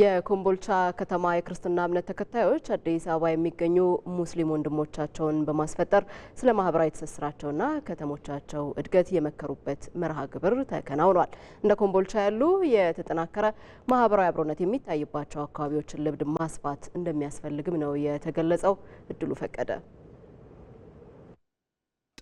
የኮምቦልቻ ከተማ የክርስትና እምነት ተከታዮች አዲስ አበባ የሚገኙ ሙስሊም ወንድሞቻቸውን በማስፈጠር ስለ ማህበራዊ ትስስራቸውና ከተሞቻቸው እድገት የመከሩበት መርሃ ግብር ተከናውኗል። እንደ ኮምቦልቻ ያሉ የተጠናከረ ማህበራዊ አብሮነት የሚታይባቸው አካባቢዎችን ልምድ ማስፋት እንደሚያስፈልግም ነው የተገለጸው። እድሉ ፈቀደ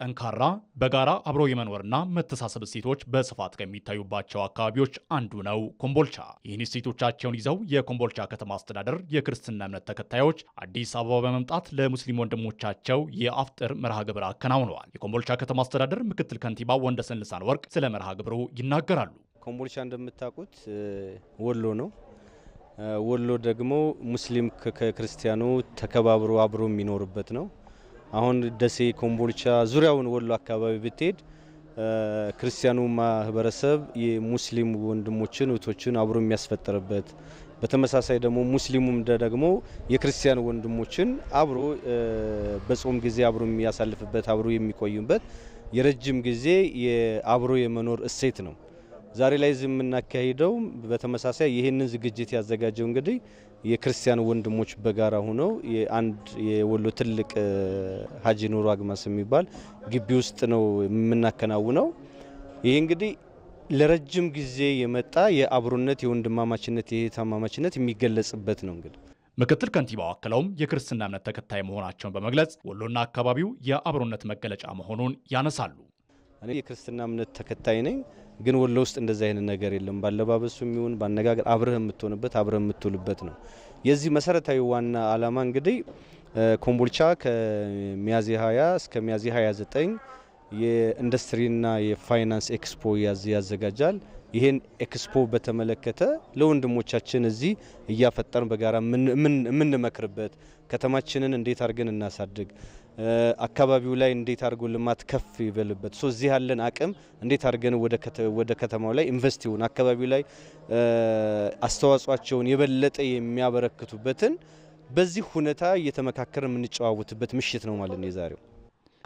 ጠንካራ በጋራ አብሮ የመኖርና መተሳሰብ እሴቶች በስፋት ከሚታዩባቸው አካባቢዎች አንዱ ነው ኮምቦልቻ። ይህን እሴቶቻቸውን ይዘው የኮምቦልቻ ከተማ አስተዳደር የክርስትና እምነት ተከታዮች አዲስ አበባ በመምጣት ለሙስሊም ወንድሞቻቸው የአፍጥር መርሃ ግብር አከናውነዋል። የኮምቦልቻ ከተማ አስተዳደር ምክትል ከንቲባ ወንደሰን ልሳን ወርቅ ስለ መርሃ ግብሩ ይናገራሉ። ኮምቦልቻ እንደምታውቁት ወሎ ነው። ወሎ ደግሞ ሙስሊም ከክርስቲያኑ ተከባብሮ አብሮ የሚኖርበት ነው። አሁን ደሴ፣ ኮምቦልቻ ዙሪያውን ወሎ አካባቢ ብትሄድ ክርስቲያኑ ማህበረሰብ የሙስሊም ወንድሞችን እህቶችን አብሮ የሚያስፈጥርበት በተመሳሳይ ደግሞ ሙስሊሙም ደግሞ የክርስቲያን ወንድሞችን አብሮ በጾም ጊዜ አብሮ የሚያሳልፍበት አብሮ የሚቆዩበት የረጅም ጊዜ አብሮ የመኖር እሴት ነው። ዛሬ ላይ እዚህ የምናካሂደው በተመሳሳይ ይህንን ዝግጅት ያዘጋጀው እንግዲህ የክርስቲያን ወንድሞች በጋራ ሆነው አንድ የወሎ ትልቅ ሀጂ ኑሮ አግማስ የሚባል ግቢ ውስጥ ነው የምናከናውነው። ይህ እንግዲህ ለረጅም ጊዜ የመጣ የአብሮነት የወንድማማችነት የታማማችነት የሚገለጽበት ነው እንግዲህ ምክትል ከንቲባው አክለውም የክርስትና እምነት ተከታይ መሆናቸውን በመግለጽ ወሎና አካባቢው የአብሮነት መገለጫ መሆኑን ያነሳሉ። እኔ የክርስትና እምነት ተከታይ ነኝ፣ ግን ወሎ ውስጥ እንደዚህ አይነት ነገር የለም። ባለባበሱ የሚሆን ባነጋገር አብረህ የምትሆንበት አብረህ የምትውልበት ነው። የዚህ መሰረታዊ ዋና አላማ እንግዲህ ኮምቦልቻ ከሚያዝያ 20 እስከ ሚያዝያ 29 የኢንዱስትሪና የፋይናንስ ኤክስፖ ያዘጋጃል። ይህን ኤክስፖ በተመለከተ ለወንድሞቻችን እዚህ እያፈጠርን በጋራ የምንመክርበት ከተማችንን እንዴት አድርገን እናሳድግ፣ አካባቢው ላይ እንዴት አድርጎ ልማት ከፍ ይበልበት፣ ሶ እዚህ ያለን አቅም እንዴት አድርገን ወደ ከተማው ላይ ኢንቨስት ይሁን፣ አካባቢው ላይ አስተዋጽኦቸውን የበለጠ የሚያበረክቱበትን በዚህ ሁኔታ እየተመካከርን የምንጨዋወትበት ምሽት ነው ማለት ነው የዛሬው።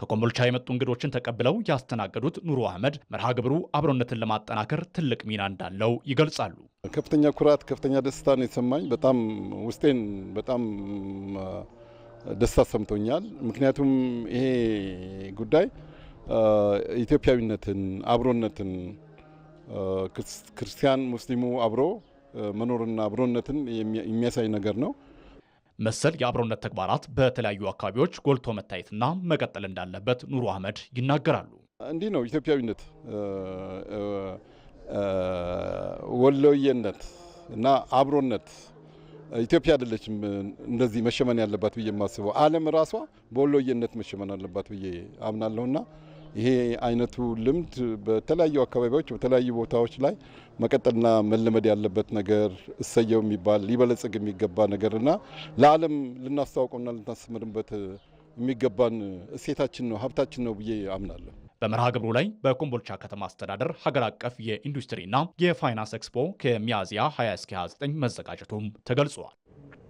ከኮምቦልቻ የመጡ እንግዶችን ተቀብለው ያስተናገዱት ኑሮ አህመድ መርሃ ግብሩ አብሮነትን ለማጠናከር ትልቅ ሚና እንዳለው ይገልጻሉ። ከፍተኛ ኩራት፣ ከፍተኛ ደስታ ነው የተሰማኝ። በጣም ውስጤን በጣም ደስታ ሰምቶኛል። ምክንያቱም ይሄ ጉዳይ ኢትዮጵያዊነትን፣ አብሮነትን ክርስቲያን ሙስሊሙ አብሮ መኖርና አብሮነትን የሚያሳይ ነገር ነው። መሰል የአብሮነት ተግባራት በተለያዩ አካባቢዎች ጎልቶ መታየትና መቀጠል እንዳለበት ኑሩ አህመድ ይናገራሉ። እንዲህ ነው ኢትዮጵያዊነት፣ ወሎዬነት እና አብሮነት። ኢትዮጵያ አይደለችም እንደዚህ መሸመን ያለባት ብዬ የማስበው ዓለም ራሷ በወሎዬነት መሸመን አለባት ብዬ አምናለሁና ይሄ አይነቱ ልምድ በተለያዩ አካባቢዎች በተለያዩ ቦታዎች ላይ መቀጠልና መለመድ ያለበት ነገር እሰየው የሚባል ሊበለጽግ የሚገባ ነገርና ለዓለም ልናስተዋውቀውና ልናስመርምበት የሚገባን እሴታችን ነው፣ ሀብታችን ነው ብዬ አምናለሁ። በመርሃ ግብሩ ላይ በኮምቦልቻ ከተማ አስተዳደር ሀገር አቀፍ የኢንዱስትሪና የፋይናንስ ኤክስፖ ከሚያዝያ 20 እስከ 29 መዘጋጀቱም ተገልጿል።